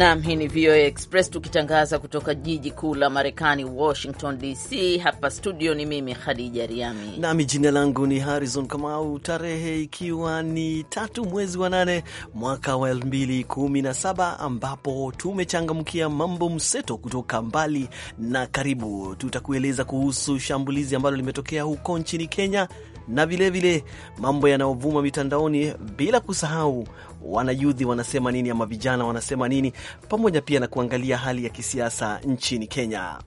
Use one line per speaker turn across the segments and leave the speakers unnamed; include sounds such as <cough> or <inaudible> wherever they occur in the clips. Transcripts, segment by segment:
Nam, hii ni VOA Express tukitangaza kutoka jiji kuu la Marekani, Washington DC. Hapa studio ni mimi Khadija Riami
nami jina langu ni Harrison Kamau, tarehe ikiwa ni tatu mwezi wa nane mwaka wa saba ambapo tumechangamkia mambo mseto kutoka mbali na karibu. Tutakueleza kuhusu shambulizi ambalo limetokea huko nchini Kenya na vilevile mambo yanayovuma mitandaoni bila kusahau wanayudhi wanasema nini ama vijana wanasema nini, pamoja pia na kuangalia hali ya kisiasa nchini Kenya.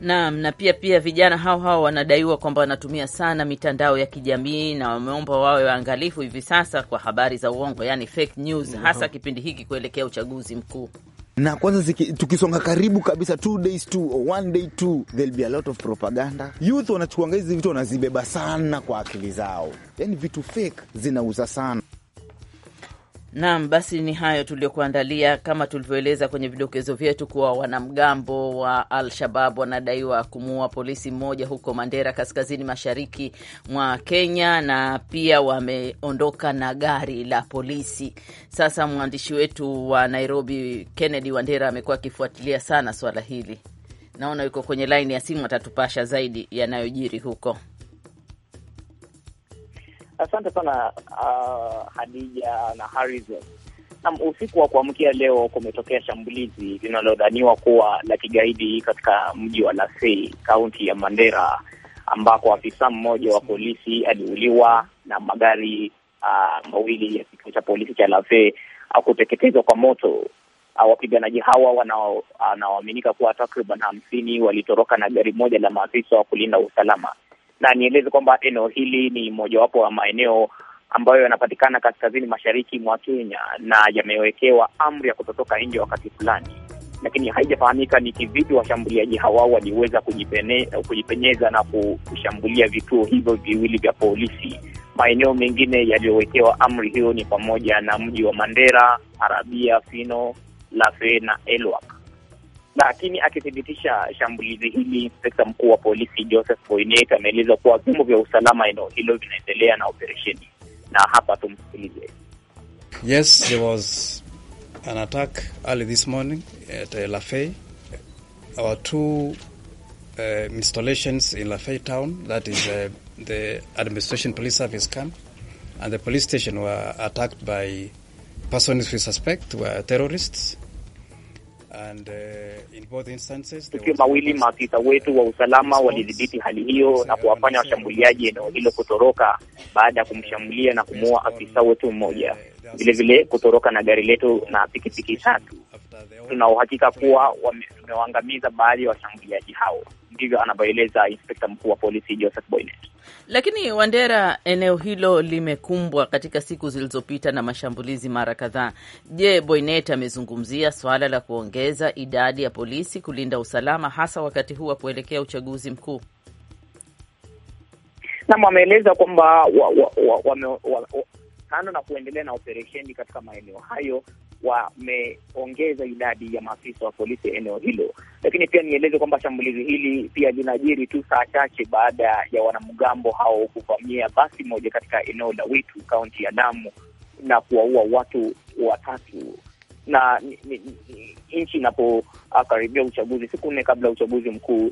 Naam, na pia pia vijana hao hao wanadaiwa kwamba wanatumia sana mitandao ya kijamii na wameomba wawe waangalifu hivi sasa kwa habari za uongo, yani fake news, mhm. hasa kipindi hiki kuelekea uchaguzi
mkuu na kwanza ziki, tukisonga karibu kabisa two days to one day to there'll be a lot of propaganda. Youth wanachukuanga hizi vitu wanazibeba sana kwa akili zao, yani vitu fake zinauza sana.
Naam, basi ni hayo tuliyokuandalia. Kama tulivyoeleza kwenye vidokezo vyetu, kuwa wanamgambo wa Al-Shabab wanadaiwa kumuua polisi mmoja huko Mandera, kaskazini mashariki mwa Kenya, na pia wameondoka na gari la polisi. Sasa mwandishi wetu wa Nairobi, Kennedy Wandera, amekuwa akifuatilia sana swala hili. Naona yuko kwenye laini ya simu, atatupasha zaidi yanayojiri huko.
Asante sana uh, Hadija na Harrison. Naam, usiku wa kuamkia leo kumetokea shambulizi linalodhaniwa kuwa la kigaidi katika mji wa Lasei, kaunti ya Mandera, ambako afisa mmoja wa polisi aliuliwa na magari uh, mawili ya kituo cha polisi cha Lasei kuteketezwa kwa moto. Uh, wapiganaji hawa uh, wanaoaminika kuwa takriban hamsini walitoroka na gari moja la maafisa wa kulinda usalama na nieleze kwamba eneo hili ni mojawapo wa maeneo ambayo yanapatikana kaskazini mashariki mwa Kenya na yamewekewa amri ya kutotoka nje wakati fulani, lakini haijafahamika ni kivipi washambuliaji hawa waliweza kujipenyeza na kushambulia vituo hivyo viwili vya polisi. Maeneo mengine yaliyowekewa amri hiyo ni pamoja na mji wa Mandera, Arabia, Fino, Lafe na Elwak lakini akithibitisha shambulizi hili, inspekta mkuu wa polisi Joseph Boynet ameeleza kuwa vyombo vya usalama eneo hilo vinaendelea na operesheni, na hapa
tumsikilize. Yes, there was an attack early this morning at uh, Lafay. Our two uh, installations in Lafay town, that is uh, the administration police service camp and the police station were attacked by persons we suspect were terrorists.
Uh, tukio mawili maafisa wetu wa usalama walidhibiti hali hiyo na kuwafanya washambuliaji eneo hilo kutoroka baada ya uh, kumshambulia na kumuua afisa wetu uh, mmoja, vilevile kutoroka na gari letu na pikipiki tatu. Tuna uhakika kuwa wamewaangamiza baadhi ya washambuliaji hao ndivyo anavyoeleza inspekta mkuu wa polisi Joseph Boynet.
Lakini Wandera, eneo hilo limekumbwa katika siku zilizopita na mashambulizi mara kadhaa. Je, Boynet amezungumzia swala la kuongeza idadi ya polisi kulinda usalama hasa wakati huu wa kuelekea uchaguzi mkuu?
Nam wameeleza kwamba wa, wa, wa, wa, wa, wa, kando na kuendelea na operesheni katika maeneo hayo wameongeza idadi ya maafisa wa polisi eneo hilo. Lakini pia nieleze kwamba shambulizi hili pia linajiri tu saa chache baada ya wanamgambo hao kuvamia basi moja katika eneo la Witu, kaunti ya Lamu na kuwaua watu watatu na nchi inapokaribia uchaguzi, siku nne kabla ya uchaguzi mkuu,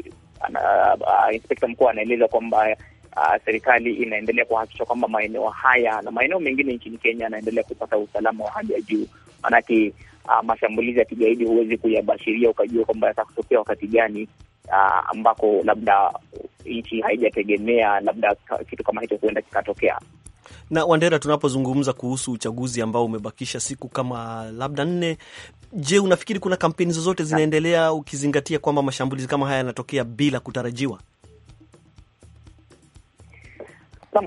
inspekta mkuu anaeleza kwamba Uh, serikali inaendelea kuhakikisha kwamba maeneo haya na maeneo mengine nchini Kenya yanaendelea kupata usalama wa hali ya juu maanake uh, ah, mashambulizi ya kigaidi huwezi kuyabashiria ukajua kwamba yatakutokea wakati gani, uh, ambako labda nchi haijategemea labda kitu kama hicho huenda kikatokea.
Na Wandera, tunapozungumza kuhusu uchaguzi ambao umebakisha siku kama labda nne, je, unafikiri kuna kampeni zozote zinaendelea ukizingatia kwamba mashambulizi kama haya yanatokea bila kutarajiwa?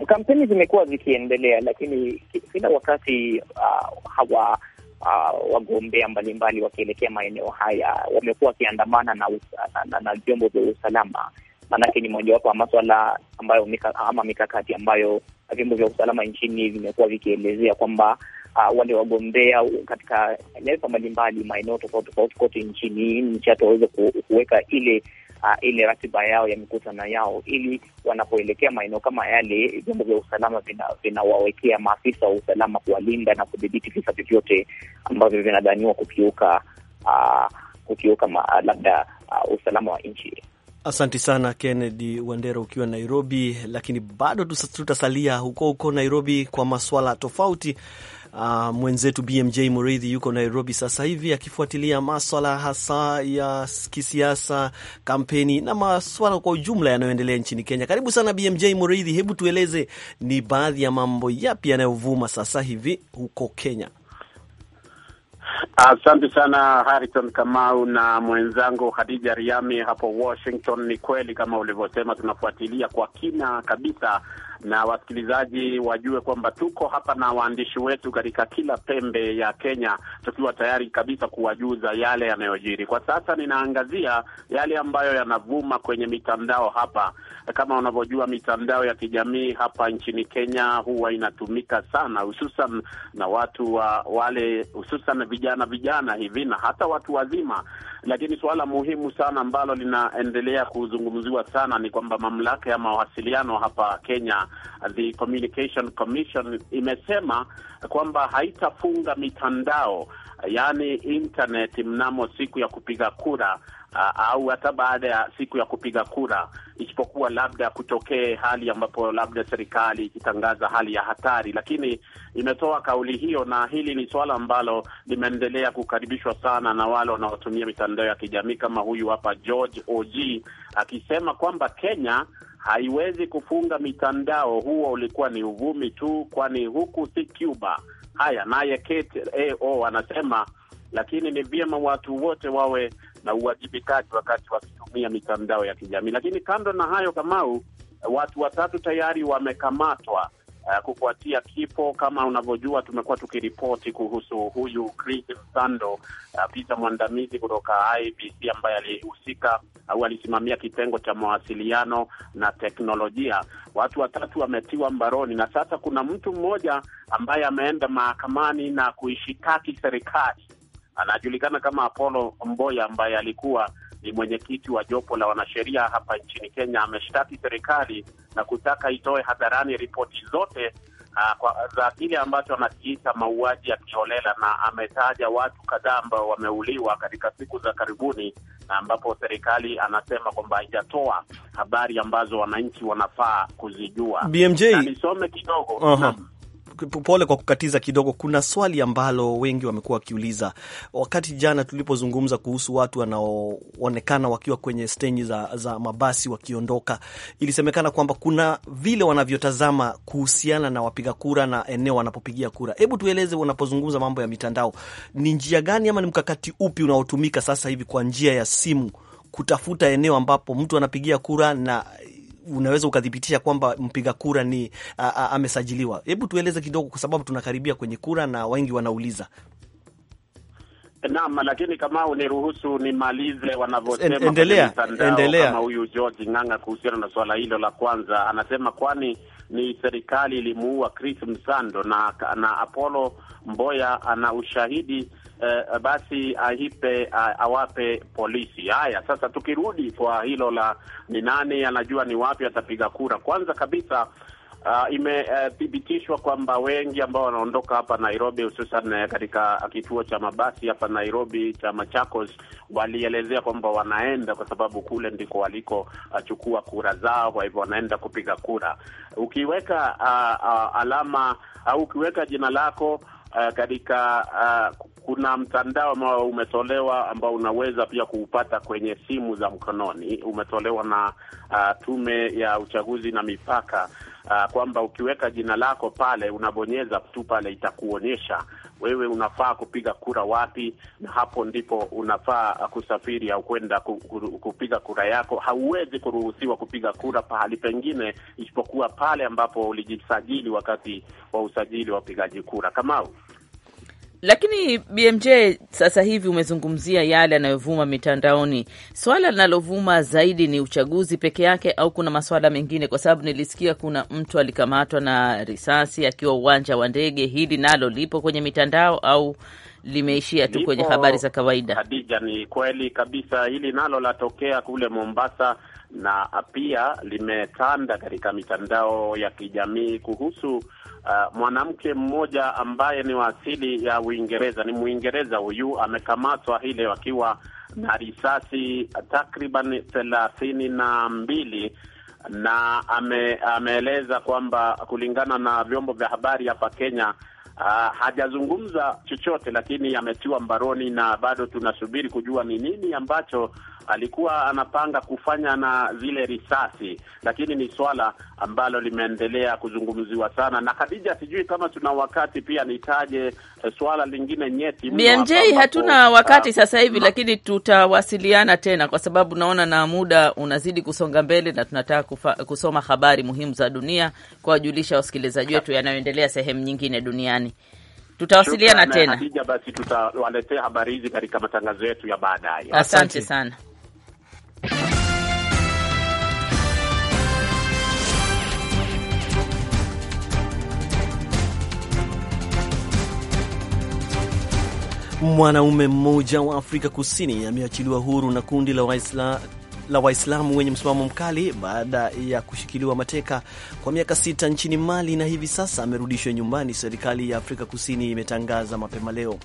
Kampeni zimekuwa zikiendelea, lakini kila wakati uh, hawa uh, wagombea mbalimbali wakielekea maeneo haya wamekuwa wakiandamana na na vyombo vya usalama, maanake ni mojawapo ya maswala ambayo mika, ama mikakati ambayo vyombo vya usalama nchini vimekuwa vikielezea kwamba Uh, wale wagombea katika nyadhifa mbalimbali maeneo tofauti tofauti kote nchini nchi hata waweze kuweka ile uh, ile ratiba yao ya mikutano yao, ili wanapoelekea maeneo kama yale, vyombo vya usalama vinawawekea vina maafisa wa usalama kuwalinda na kudhibiti visa vyovyote ambavyo vinadhaniwa kukiuka uh, kukiuka ma, uh, labda uh, usalama wa nchi.
Asanti sana Kennedy Wandera ukiwa Nairobi, lakini bado tutasalia huko huko Nairobi kwa maswala tofauti Uh, mwenzetu BMJ Muridhi yuko Nairobi sasa hivi akifuatilia maswala hasa ya kisiasa, kampeni na maswala kwa ujumla yanayoendelea nchini Kenya. Karibu sana BMJ Muridhi, hebu tueleze ni baadhi ya mambo yapi yanayovuma sasa hivi huko Kenya? Asante
sana Harrison Kamau na mwenzangu Hadija Riami hapo Washington. Ni kweli kama ulivyosema, tunafuatilia kwa kina kabisa, na wasikilizaji wajue kwamba tuko hapa na waandishi wetu katika kila pembe ya Kenya, tukiwa tayari kabisa kuwajuza yale yanayojiri kwa sasa. Ninaangazia yale ambayo yanavuma kwenye mitandao hapa kama unavyojua mitandao ya kijamii hapa nchini Kenya huwa inatumika sana, hususan na watu wa wale hususan vijana vijana hivi na hata watu wazima. Lakini suala muhimu sana ambalo linaendelea kuzungumziwa sana ni kwamba mamlaka ya mawasiliano hapa Kenya, the Communication Commission, imesema kwamba haitafunga mitandao, yaani internet, mnamo siku ya kupiga kura uh, au hata baada ya siku ya kupiga kura, isipokuwa labda kutokee hali ambapo labda serikali ikitangaza hali ya hatari. Lakini imetoa kauli hiyo, na hili ni suala ambalo limeendelea kukaribishwa sana na wale wanaotumia mitandao ya kijamii kama huyu hapa George og akisema kwamba Kenya haiwezi kufunga mitandao. Huo ulikuwa ni uvumi tu, kwani huku si Cuba. Haya, naye Kate AO anasema lakini ni vyema watu wote wawe na uwajibikaji wakati wakitumia mitandao ya kijamii. Lakini kando na hayo, Kamau, watu watatu tayari wamekamatwa uh, kufuatia kifo. Kama unavyojua, tumekuwa tukiripoti kuhusu huyu Chris Sando, uh, mwandamizi kutoka IBC ambaye alihusika au alisimamia kitengo cha mawasiliano na teknolojia. Watu watatu wametiwa mbaroni, na sasa kuna mtu mmoja ambaye ameenda mahakamani na kuishitaki serikali anajulikana kama Apollo Mboya ambaye alikuwa ni mwenyekiti wa jopo la wanasheria hapa nchini Kenya ameshtaki serikali na kutaka itoe hadharani ripoti zote ah, kwa, za kile ambacho anakiita mauaji ya kiholela, na ametaja watu kadhaa ambao wameuliwa katika siku za karibuni, na ambapo serikali anasema kwamba haijatoa habari ambazo wananchi wanafaa kuzijua. BMJ, nisome kidogo uh
-huh
pole kwa kukatiza kidogo. Kuna swali ambalo wengi wamekuwa wakiuliza, wakati jana tulipozungumza kuhusu watu wanaoonekana wakiwa kwenye steni za, za mabasi wakiondoka, ilisemekana kwamba kuna vile wanavyotazama kuhusiana na wapiga kura na eneo wanapopigia kura. Hebu tueleze, unapozungumza mambo ya mitandao, ni njia gani ama ni mkakati upi unaotumika sasa hivi kwa njia ya simu kutafuta eneo ambapo mtu anapigia kura na unaweza ukathibitisha kwamba mpiga kura ni a, a, amesajiliwa. Hebu tueleze kidogo, kwa sababu tunakaribia kwenye kura na wengi wanauliza.
Naam,
lakini kama uniruhusu nimalize wanavyosema kwenye mtandao, kama huyu George Ng'ang'a kuhusiana na suala hilo la kwanza, anasema kwani ni serikali ilimuua Chris Msando na, na Apollo Mboya ana ushahidi eh, basi aipe awape polisi. Haya, sasa tukirudi kwa hilo la ni nani anajua ni wapi atapiga kura, kwanza kabisa Uh, imethibitishwa e, uh, kwamba wengi ambao wanaondoka hapa Nairobi hususan eh, katika kituo cha mabasi hapa Nairobi cha Machakos walielezea kwamba wanaenda kwa sababu kule ndiko waliko uh, kura zao, kwa hivyo wanaenda kupiga kura. Ukiweka uh, uh, alama au uh, ukiweka jina lako uh, katika uh, kuna mtandao ambao umetolewa ambao unaweza pia kuupata kwenye simu za mkononi, umetolewa na uh, Tume ya Uchaguzi na Mipaka uh, kwamba ukiweka jina lako pale, unabonyeza tu pale itakuonyesha wewe unafaa kupiga kura wapi, na hapo ndipo unafaa kusafiri au kwenda kupiga kura yako. Hauwezi kuruhusiwa kupiga kura pahali pengine isipokuwa pale ambapo ulijisajili wakati wa usajili wa upigaji kura. Kamau.
Lakini BMJ, sasa hivi umezungumzia yale yanayovuma mitandaoni. Swala linalovuma zaidi ni uchaguzi peke yake au kuna maswala mengine? Kwa sababu nilisikia kuna mtu alikamatwa na risasi akiwa uwanja wa ndege. Hili nalo lipo kwenye mitandao au limeishia tu kwenye habari za kawaida? Hadija, ni
kweli kabisa, hili nalo latokea kule Mombasa na pia limetanda katika mitandao ya kijamii kuhusu uh, mwanamke mmoja ambaye ni wa asili ya Uingereza, ni Mwingereza huyu amekamatwa hii leo akiwa na risasi takriban thelathini na mbili na ame, ameeleza kwamba kulingana na vyombo vya habari hapa Kenya Uh, hajazungumza chochote lakini ametiwa mbaroni na bado tunasubiri kujua ni nini ambacho alikuwa anapanga kufanya na zile risasi, lakini ni swala ambalo limeendelea kuzungumziwa sana. Na Khadija, sijui kama tuna wakati pia nitaje eh, swala lingine nyeti BMJ. Hatuna wakati uh, sasa hivi
lakini tutawasiliana tena, kwa sababu naona na muda unazidi kusonga mbele na tunataka kufa, kusoma habari muhimu za dunia kuwajulisha wasikilizaji wetu yanayoendelea sehemu nyingine duniani. Tutawasiliana eh, tena Hadija,
basi tutawaletea habari hizi katika matangazo yetu ya baadaye. Asante sana.
Mwanaume mmoja wa Afrika Kusini ameachiliwa huru na kundi la Waislamu la Waislamu wenye msimamo mkali baada ya kushikiliwa mateka kwa miaka sita nchini Mali na hivi sasa amerudishwa nyumbani, serikali ya Afrika Kusini imetangaza mapema leo.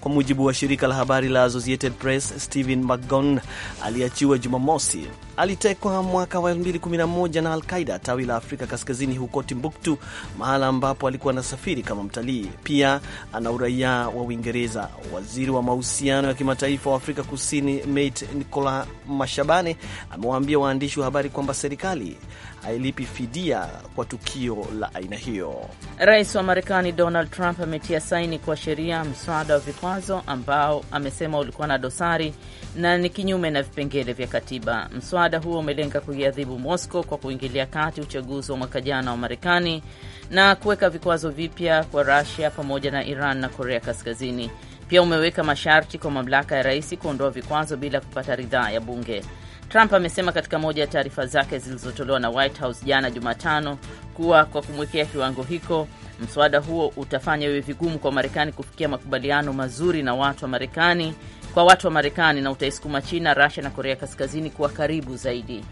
Kwa mujibu wa shirika la habari la Associated Press, Stephen McGon aliachiwa Jumamosi Alitekwa mwaka wa 2011 na Alqaida tawi la Afrika Kaskazini huko Timbuktu, mahala ambapo alikuwa anasafiri kama mtalii. Pia ana uraia wa Uingereza. Waziri wa mahusiano ya kimataifa wa Afrika Kusini Mate Nicola Mashabane amewaambia waandishi wa habari kwamba serikali hailipi fidia kwa tukio la aina hiyo.
Rais wa Marekani Donald Trump ametia saini kwa sheria mswada wa vikwazo ambao amesema ulikuwa na dosari na ni kinyume na vipengele vya katiba. Mswada huo umelenga kuiadhibu mosco kwa kuingilia kati uchaguzi wa mwaka jana wa Marekani na kuweka vikwazo vipya kwa rasia pamoja na Iran na Korea Kaskazini. Pia umeweka masharti kwa mamlaka ya rais kuondoa vikwazo bila kupata ridhaa ya bunge. Trump amesema katika moja ya taarifa zake zilizotolewa na White House jana Jumatano kuwa kwa kumwekea kiwango hiko mswada huo utafanya iwe vigumu kwa Marekani kufikia makubaliano mazuri na watu wa Marekani kwa watu wa Marekani na utaisukuma China, Rusia na Korea Kaskazini kuwa karibu zaidi.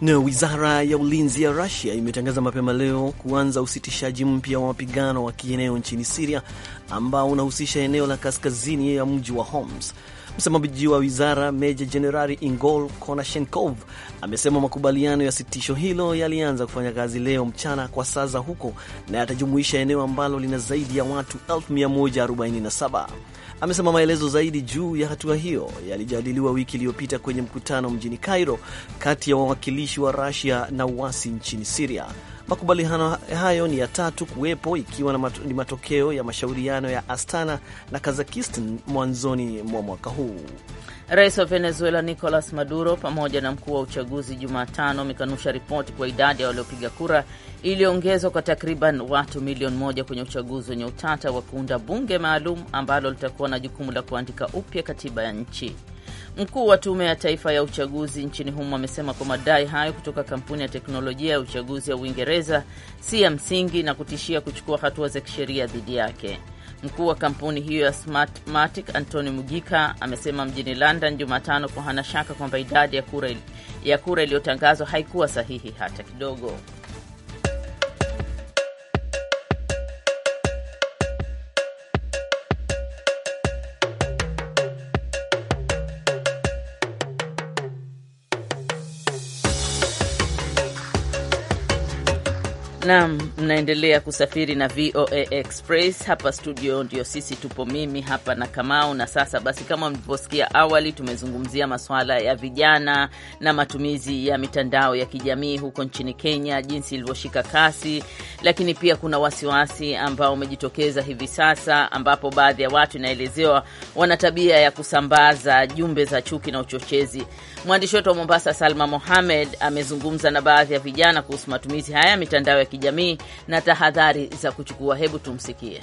na wizara ya ulinzi ya Rusia imetangaza mapema leo kuanza usitishaji mpya wa mapigano wa kieneo nchini Siria ambao unahusisha eneo la kaskazini ya mji wa Homs. Msemaji wa wizara Meja Jenerali Ingol Konashenkov amesema makubaliano ya sitisho hilo yalianza kufanya kazi leo mchana kwa saa za huko na yatajumuisha eneo ambalo lina zaidi ya watu 147 amesema maelezo zaidi juu ya hatua hiyo yalijadiliwa wiki iliyopita kwenye mkutano mjini Cairo kati ya wawakilishi wa Russia na uasi nchini Siria. Makubaliano hayo ni ya tatu kuwepo ikiwa
ni matokeo ya mashauriano ya Astana na Kazakistan mwanzoni mwa mwaka huu. Rais wa Venezuela Nicolas Maduro pamoja na mkuu wa uchaguzi Jumatano amekanusha ripoti kwa idadi ya waliopiga kura iliyoongezwa kwa takriban watu milioni moja kwenye uchaguzi wenye utata wa kuunda bunge maalum ambalo litakuwa na jukumu la kuandika upya katiba ya nchi. Mkuu wa Tume ya Taifa ya Uchaguzi nchini humo amesema kwa madai hayo kutoka kampuni ya teknolojia ya uchaguzi ya Uingereza si ya msingi na kutishia kuchukua hatua za kisheria dhidi yake. Mkuu wa kampuni hiyo ya Smartmatic Antony Mugika amesema mjini London Jumatano kwa hana shaka kwamba idadi ya kura iliyotangazwa haikuwa sahihi hata kidogo. Nam, mnaendelea kusafiri na VOA Express hapa studio, ndio sisi tupo, mimi hapa na Kamau. Na sasa basi, kama mlivyosikia awali, tumezungumzia masuala ya vijana na matumizi ya mitandao ya kijamii huko nchini Kenya, jinsi ilivyoshika kasi, lakini pia kuna wasiwasi ambao umejitokeza hivi sasa, ambapo baadhi ya watu inaelezewa wana tabia ya kusambaza jumbe za chuki na uchochezi. Mwandishi wetu wa Mombasa, Salma Mohamed, amezungumza na baadhi ya vijana kuhusu matumizi haya ya mitandao ya kijamii na tahadhari za kuchukua. Hebu tumsikie.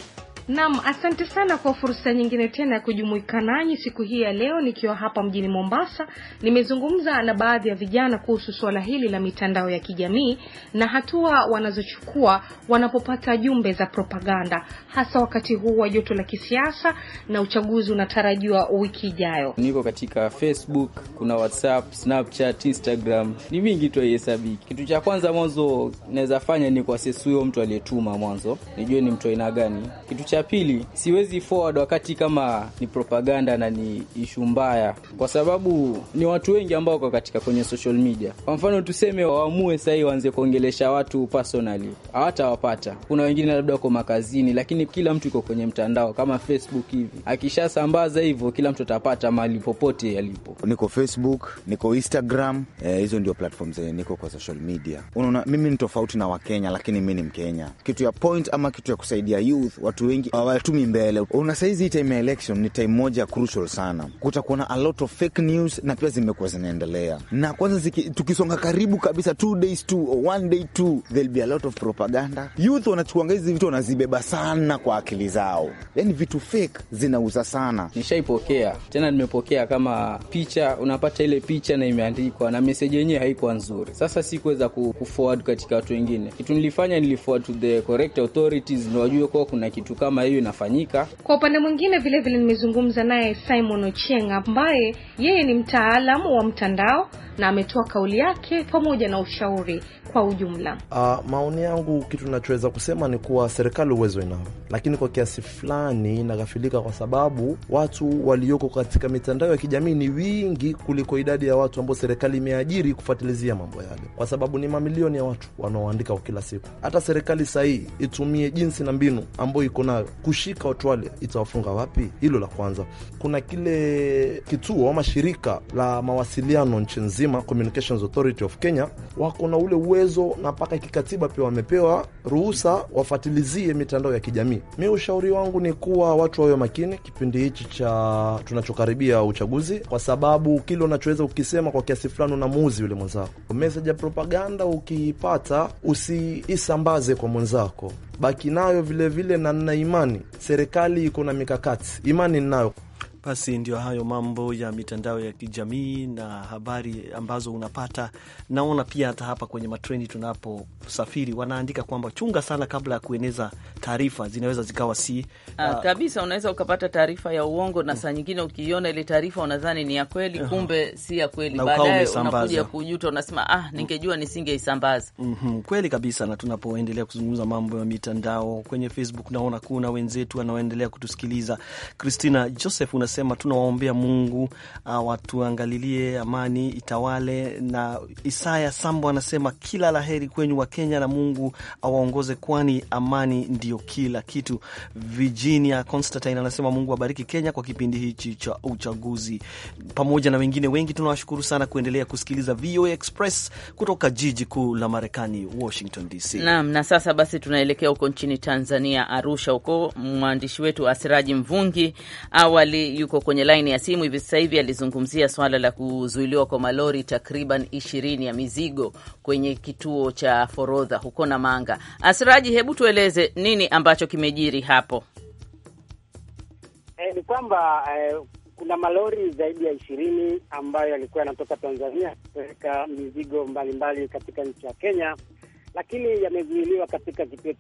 Naam, asante sana kwa fursa nyingine tena ya kujumuika nanyi siku hii ya leo nikiwa hapa mjini Mombasa. Nimezungumza na baadhi ya vijana kuhusu suala hili la mitandao ya kijamii na hatua wanazochukua wanapopata jumbe za propaganda, hasa wakati huu wa joto la kisiasa na uchaguzi unatarajiwa wiki ijayo.
Niko katika Facebook, kuna WhatsApp, Snapchat, Instagram, ni mingi tu haihesabiki. Kitu cha kwanza mwanzo naweza fanya ni kuasesu huyo mtu aliyetuma mwanzo, nijue ni mtu aina gani. Kitu cha pili, siwezi forward wakati kama ni propaganda na ni ishu mbaya, kwa sababu ni watu wengi ambao wako katika kwenye social media. Kwa mfano tuseme waamue sahii waanze kuongelesha watu personally, hawatawapata. Kuna wengine labda wako makazini, lakini kila mtu iko kwenye mtandao kama Facebook hivi, akishasambaza hivyo kila mtu atapata mahali
popote alipo. Niko Facebook, niko Instagram, eh, hizo eh, ndio platforms zenye niko kwa social media. Unaona, mimi ni tofauti na Wakenya, lakini mi ni Mkenya. Kitu ya point ama kitu ya kusaidia youth, watu wengi wengi hawatumi uh, mbele. Una saizi hii time ya election ni time moja crucial sana, kutakuwa na a lot of fake news na pia zimekuwa zinaendelea, na kwanza ziki, tukisonga karibu kabisa two days two or one day two there'll be a lot of propaganda. Youth wanachukuanga hizi vitu wanazibeba sana kwa akili zao, yani vitu fake zinauza sana. Nishaipokea
tena, nimepokea kama picha, unapata ile picha na imeandikwa na meseji yenyewe haikuwa nzuri. Sasa sikuweza kuforward katika watu wengine. Kitu nilifanya niliforward to the correct authorities, ndio wajue kuwa kuna kitu kama kama hiyo inafanyika.
Kwa upande mwingine, vile vile nimezungumza naye Simon Ochenga ambaye yeye ni mtaalamu wa mtandao na ametoa kauli yake pamoja na ushauri kwa ujumla.
Uh, maoni yangu, kitu nachoweza kusema ni kuwa serikali uwezo inao, lakini kwa kiasi fulani inaghafilika, kwa sababu watu walioko katika mitandao ya kijamii ni wingi kuliko idadi ya watu ambao serikali imeajiri kufuatilizia mambo yale, kwa sababu ni mamilioni ya watu wanaoandika kwa kila siku. Hata serikali sahii itumie jinsi na mbinu ambayo iko nayo kushika watu wale, itawafunga wapi? Hilo la kwanza. Kuna kile kituo ama shirika la mawasiliano nchi nzima nzima Communications Authority of Kenya wako na ule uwezo na mpaka kikatiba pia wamepewa ruhusa wafatilizie mitandao ya kijamii. Mi ushauri wangu ni kuwa watu wawe makini kipindi hichi cha tunachokaribia uchaguzi, kwa sababu kile unachoweza ukisema kwa kiasi fulani unamuuzi yule mwenzako. Message ya propaganda ukiipata, usiisambaze kwa mwenzako, baki nayo vilevile vile, na nina imani serikali iko na mikakati, imani ninayo.
Basi ndio hayo mambo ya mitandao ya kijamii na habari ambazo unapata. Naona pia hata hapa kwenye matreni tunaposafiri wanaandika kwamba chunga sana kabla ya kueneza taarifa, zinaweza zikawa si ah, ah
kabisa. Unaweza ukapata taarifa ya uongo na mm. saa nyingine ukiiona ile taarifa unadhani ni ya kweli, kumbe si ya kweli. Baadaye unakuja kujuta, unasema ah, mm. ningejua nisingeisambaza.
mm -hmm, kweli kabisa. Na tunapoendelea kuzungumza mambo ya mitandao kwenye Facebook, naona kuna wenzetu wanaoendelea kutusikiliza. Christina Joseph una wanasema tunawaombea Mungu ah, watuangalilie amani itawale. Na Isaya Sambo anasema kila laheri kwenyu wa Kenya na Mungu awaongoze, kwani amani ndio kila kitu. Virginia Constantine anasema Mungu abariki Kenya kwa kipindi hichi cha uchaguzi, pamoja na wengine wengi. Tunawashukuru sana kuendelea kusikiliza VOA Express kutoka jiji kuu la Marekani, Washington DC. Naam,
na sasa basi tunaelekea huko nchini Tanzania, Arusha. Huko mwandishi wetu Asiraji Mvungi awali yuko kwenye laini ya simu hivi sasa hivi, alizungumzia swala la kuzuiliwa kwa malori takriban ishirini ya mizigo kwenye kituo cha forodha huko Namanga. Asiraji, hebu tueleze nini ambacho kimejiri hapo?
Eh, ni kwamba e, kuna malori zaidi ya ishirini ambayo yalikuwa yanatoka Tanzania kupeleka mizigo mbalimbali mbali katika nchi ya Kenya, lakini yamezuiliwa katika kituo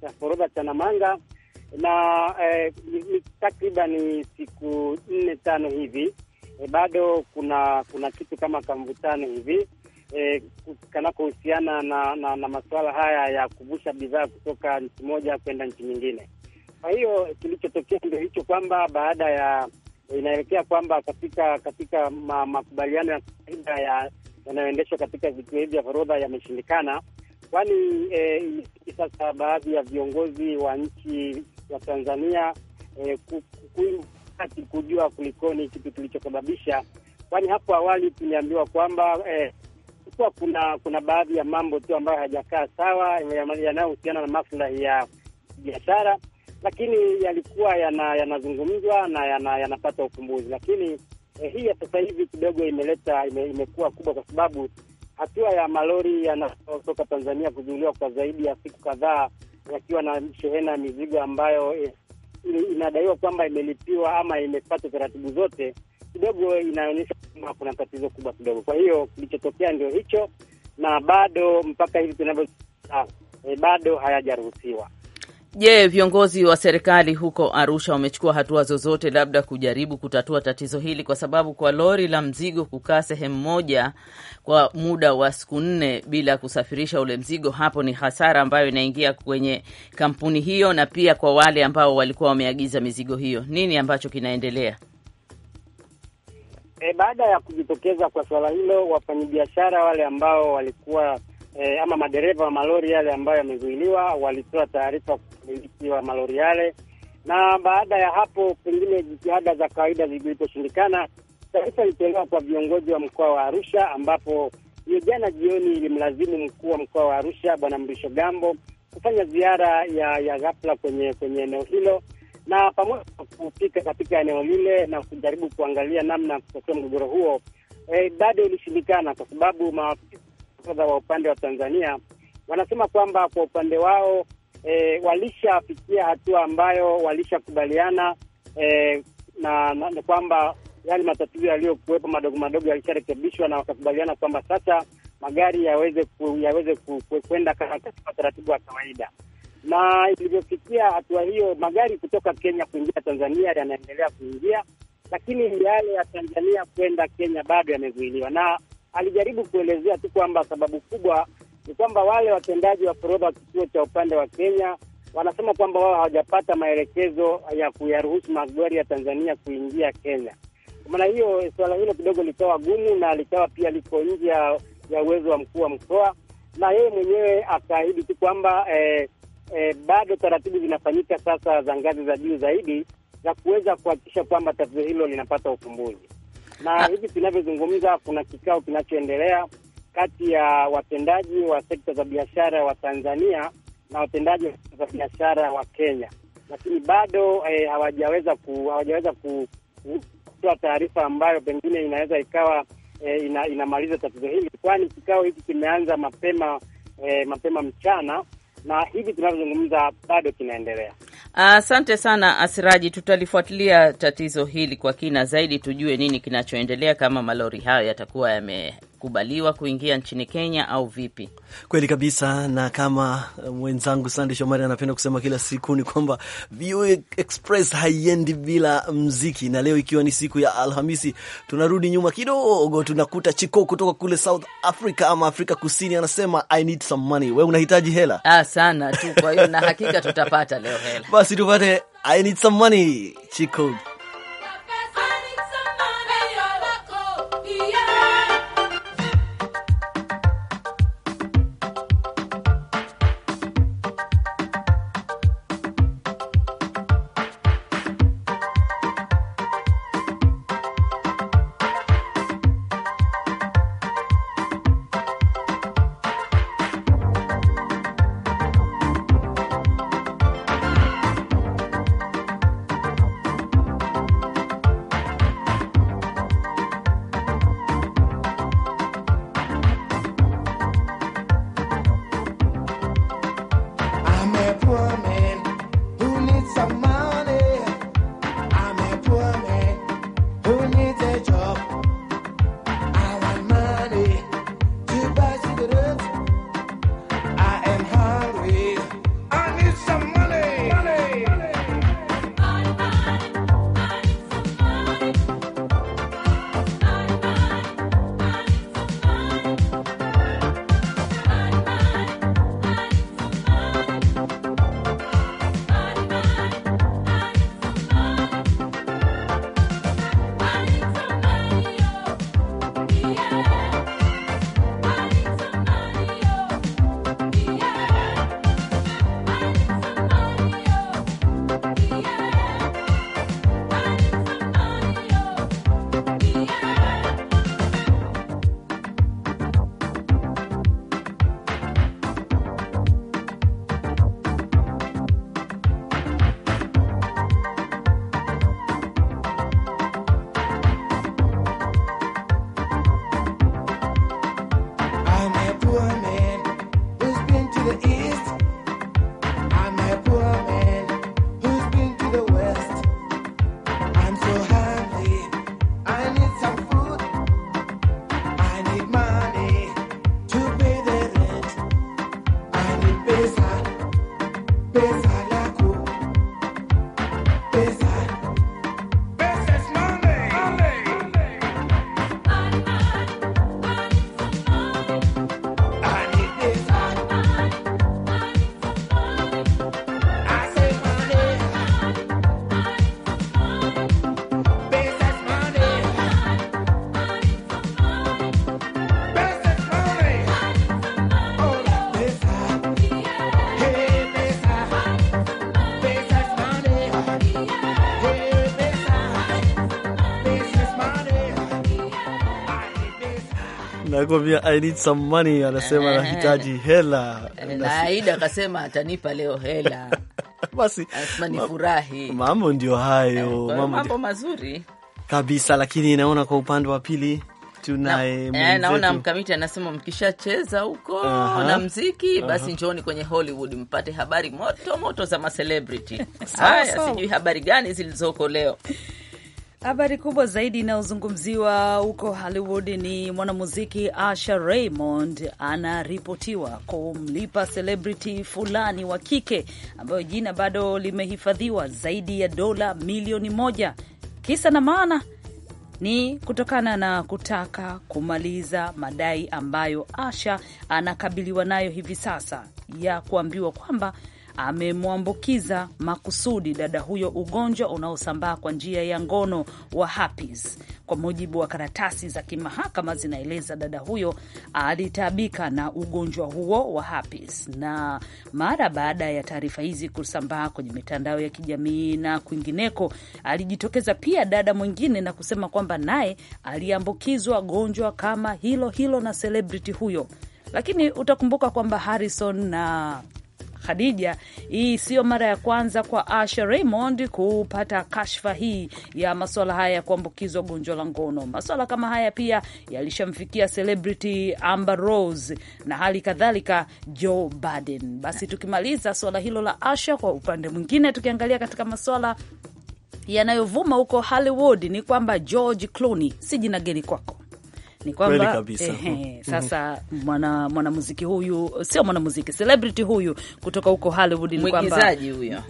cha forodha cha Namanga na eh, takriban siku nne tano hivi eh, bado kuna kuna kitu kama kamvutano hivi eh, kanakohusiana na, na, na masuala haya ya kuvusha bidhaa kutoka nchi moja kwenda nchi nyingine. Kwa hiyo kilichotokea ndio hicho kwamba baada ya inaelekea kwamba katika katika ma, makubaliano ya kawaida ya yanayoendeshwa katika vituo hivi vya forodha yameshindikana, kwani eh, sasa baadhi ya viongozi wa nchi wa Tanzania eh, kati kujua kulikoni kitu kilichosababisha, kwani hapo awali tuliambiwa kwamba eh, kuwa kuna kuna baadhi ya mambo tu ambayo hayajakaa sawa yanayohusiana na maslahi ya biashara, lakini yalikuwa yanazungumzwa yana na yana, yanapata ufumbuzi, lakini eh, hii ya sasa hivi kidogo imeleta ime, imekuwa kubwa kwa sababu hatua ya malori yanayotoka Tanzania kuzuiliwa kwa zaidi ya siku kadhaa yakiwa na shehena ya mizigo ambayo eh, inadaiwa kwamba imelipiwa ama imepata taratibu zote, kidogo inaonyesha kwamba kuna tatizo kubwa kidogo. Kwa hiyo kilichotokea ndio hicho, na bado mpaka hivi tunavyo, eh, bado hayajaruhusiwa.
Je, viongozi wa serikali huko Arusha wamechukua hatua zozote labda kujaribu kutatua tatizo hili? Kwa sababu kwa lori la mzigo kukaa sehemu moja kwa muda wa siku nne bila kusafirisha ule mzigo, hapo ni hasara ambayo inaingia kwenye kampuni hiyo na pia kwa wale ambao walikuwa wameagiza mizigo hiyo. Nini ambacho kinaendelea?
E, baada ya kujitokeza kwa suala hilo, wafanyabiashara wale ambao walikuwa eh, ama madereva wa malori yale ambayo yamezuiliwa walitoa taarifa kumiliki wa malori yale, na baada ya hapo, pengine jitihada za kawaida ziliposhindikana, taarifa ilitolewa kwa viongozi wa mkoa wa Arusha, ambapo hiyo jana jioni ilimlazimu mkuu wa mkoa wa Arusha Bwana Mrisho Gambo kufanya ziara ya ya ghafla kwenye kwenye eneo hilo na pamoja na kufika katika eneo lile na kujaribu kuangalia namna ya kutatua mgogoro huo, eh, bado ilishindikana kwa sababu maafisa muktadha wa upande wa Tanzania, wanasema kwamba kwa upande wao e, walishafikia hatua ambayo walishakubaliana e, na, na, na kwamba yani matatizo yaliyokuwepo madogo madogo yalisharekebishwa na wakakubaliana kwamba sasa magari yaweze ku, yaweze kwenda ku, ku, katika taratibu wa kawaida. Na ilivyofikia hatua hiyo, magari kutoka Kenya kuingia Tanzania yanaendelea kuingia, lakini yale ya Tanzania kwenda Kenya bado yamezuiliwa na alijaribu kuelezea tu kwamba sababu kubwa ni kwamba wale watendaji wa forodha wa kituo cha upande wa Kenya wanasema kwamba wao hawajapata maelekezo ya kuyaruhusu magari ya Tanzania kuingia Kenya. Kwa maana hiyo, suala hilo kidogo likawa gumu na likawa pia liko nje ya uwezo wa mkuu wa mkoa, na yeye mwenyewe akaahidi tu kwamba eh, eh, bado taratibu zinafanyika sasa za ngazi za juu zaidi za kuweza kuhakikisha kwamba tatizo hilo linapata ufumbuzi na ah. hivi tunavyozungumza kuna kikao kinachoendelea kati ya watendaji wa sekta za biashara wa Tanzania na watendaji wa sekta za biashara wa Kenya, lakini bado eh, hawajaweza ku, hawajaweza kutoa taarifa ambayo pengine inaweza ikawa eh, ina, inamaliza tatizo hili, kwani kikao hiki kimeanza mapema eh, mapema mchana na hivi tunavyozungumza bado kinaendelea.
Asante sana Asiraji, tutalifuatilia tatizo hili kwa kina zaidi, tujue nini kinachoendelea, kama malori hayo yatakuwa yamekubaliwa kuingia nchini Kenya au vipi.
Kweli kabisa, na kama mwenzangu Sande Shomari anapenda kusema kila siku ni kwamba VOA Express haiendi bila mziki, na leo ikiwa ni siku ya Alhamisi, tunarudi nyuma kidogo, tunakuta Chiko kutoka kule South Africa ama Afrika Kusini anasema I need some money. We unahitaji hela
ah, sana tu, kwa hiyo na hakika tutapata leo hela
バシルバで、I need some money! チコ nakwambia I need some money, anasema eh, anahitaji eh, hela, eh, na
Aida akasema atanipa leo hela <laughs> basi furahi.
Mambo ndio hayo, mambo
mazuri
kabisa, lakini naona kwa upande wa pili tunaye na, naona
mkamiti anasema mkishacheza huko na mziki basi aha, njooni kwenye Hollywood mpate habari moto moto za macelebrity. <laughs> Haya, sijui habari gani zilizoko leo
Habari kubwa zaidi inayozungumziwa huko Hollywood ni mwanamuziki Asha Raymond anaripotiwa kumlipa celebrity fulani wa kike ambayo jina bado limehifadhiwa zaidi ya dola milioni moja. Kisa na maana ni kutokana na kutaka kumaliza madai ambayo Asha anakabiliwa nayo hivi sasa ya kuambiwa kwamba amemwambukiza makusudi dada huyo ugonjwa unaosambaa kwa njia ya ngono wa herpes. Kwa mujibu wa karatasi za kimahakama zinaeleza, dada huyo alitabika na ugonjwa huo wa herpes, na mara baada ya taarifa hizi kusambaa kwenye mitandao ya kijamii na kwingineko, alijitokeza pia dada mwingine na kusema kwamba naye aliambukizwa gonjwa kama hilo hilo na celebrity huyo, lakini utakumbuka kwamba Harrison na Khadija, hii siyo mara ya kwanza kwa Asha Raymond kupata kashfa hii ya maswala haya ya kuambukizwa gonjwa la ngono. Maswala kama haya pia yalishamfikia celebrity Amber Rose na hali kadhalika Joe Biden. Basi tukimaliza swala hilo la Asha, kwa upande mwingine tukiangalia katika maswala yanayovuma huko Hollywood ni kwamba George Clooney, si jina geni kwako, ni kwamba eh, sasa mwana mwanamuziki huyu sio mwanamuziki, celebrity huyu kutoka huko Hollywood ni kwamba mwigizaji huyo,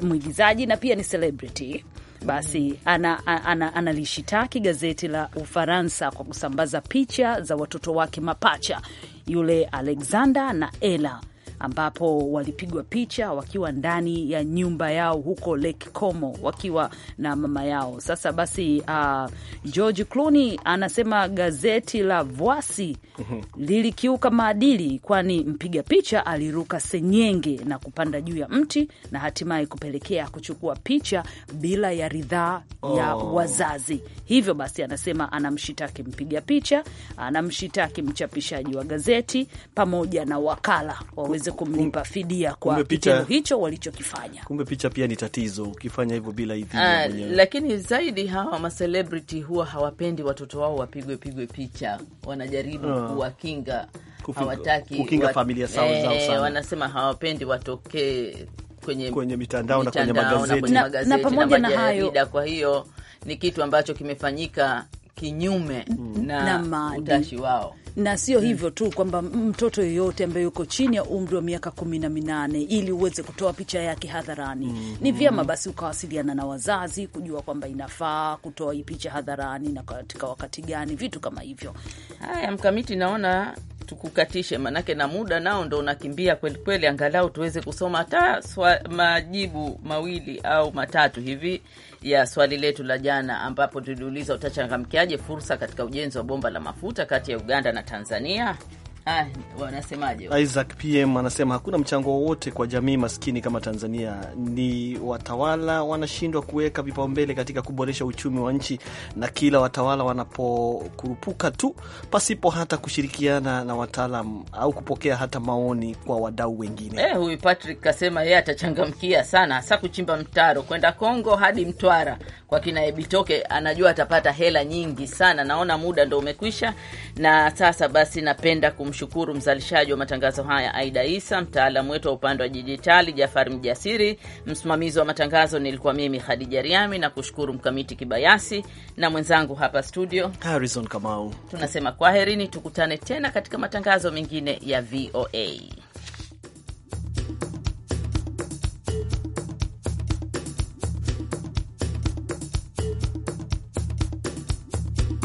mwigizaji na pia ni celebrity basi mm-hmm. analishitaki ana, ana, ana gazeti la Ufaransa kwa kusambaza picha za watoto wake mapacha yule Alexander na Ella ambapo walipigwa picha wakiwa ndani ya nyumba yao huko Lake Como wakiwa na mama yao. Sasa basi, uh, George Clooney anasema gazeti la Vwasi mhm. lilikiuka maadili, kwani mpiga picha aliruka senyenge na kupanda juu ya mti na hatimaye kupelekea kuchukua picha bila ya ridhaa ya oh, wazazi. Hivyo basi, anasema anamshitaki mpiga picha, anamshitaki mchapishaji wa gazeti pamoja
na wakala waweze waweze kumlipa fidia kwa kitendo hicho walichokifanya.
Kumbe picha pia ni tatizo ukifanya hivyo bila idhini ah, mwenyewe.
Lakini zaidi hawa macelebrity huwa hawapendi watoto wao wapigwe pigwe picha, wanajaribu ah, kuwakinga, hawataki kukinga familia zao ee, zao, wanasema hawapendi watokee kwenye, kwenye mitandao na kwenye magazeti na, na, pamoja na hayo, kwa hiyo ni kitu ambacho kimefanyika kinyume mm, na, na utashi wao
na sio eh. hivyo tu kwamba mtoto yoyote ambaye yuko chini ya umri wa miaka kumi na minane ili uweze kutoa picha yake hadharani hmm, ni vyema basi ukawasiliana na wazazi kujua kwamba inafaa kutoa hii picha hadharani na katika
wakati gani, vitu kama hivyo. Haya, Mkamiti, naona tukukatishe manake na muda nao ndo unakimbia kwelikweli, angalau tuweze kusoma hata majibu mawili au matatu hivi ya swali letu la jana, ambapo tuliuliza utachangamkiaje fursa katika ujenzi wa bomba la mafuta kati ya Uganda na Tanzania? Ah,
Isaac PM anasema hakuna mchango wowote kwa jamii maskini kama Tanzania. Ni watawala wanashindwa kuweka vipaumbele katika kuboresha uchumi wa nchi, na kila watawala wanapokurupuka tu pasipo hata kushirikiana na wataalam au kupokea hata maoni kwa wadau wengine.
Eh, huyu Patrick kasema yeye atachangamkia sana, hasa kuchimba mtaro kwenda Kongo hadi Mtwara kwa kina Ebitoke, anajua atapata hela nyingi sana. Naona muda ndo umekwisha, na sasa basi napenda kum kumshukuru mzalishaji wa matangazo haya Aida Isa, mtaalamu wetu wa upande wa dijitali Jafar Mjasiri, msimamizi wa matangazo nilikuwa mimi Khadija Riami, na kushukuru Mkamiti Kibayasi na mwenzangu hapa studio Harrison Kamau. Tunasema kwaherini, tukutane tena katika matangazo mengine ya VOA.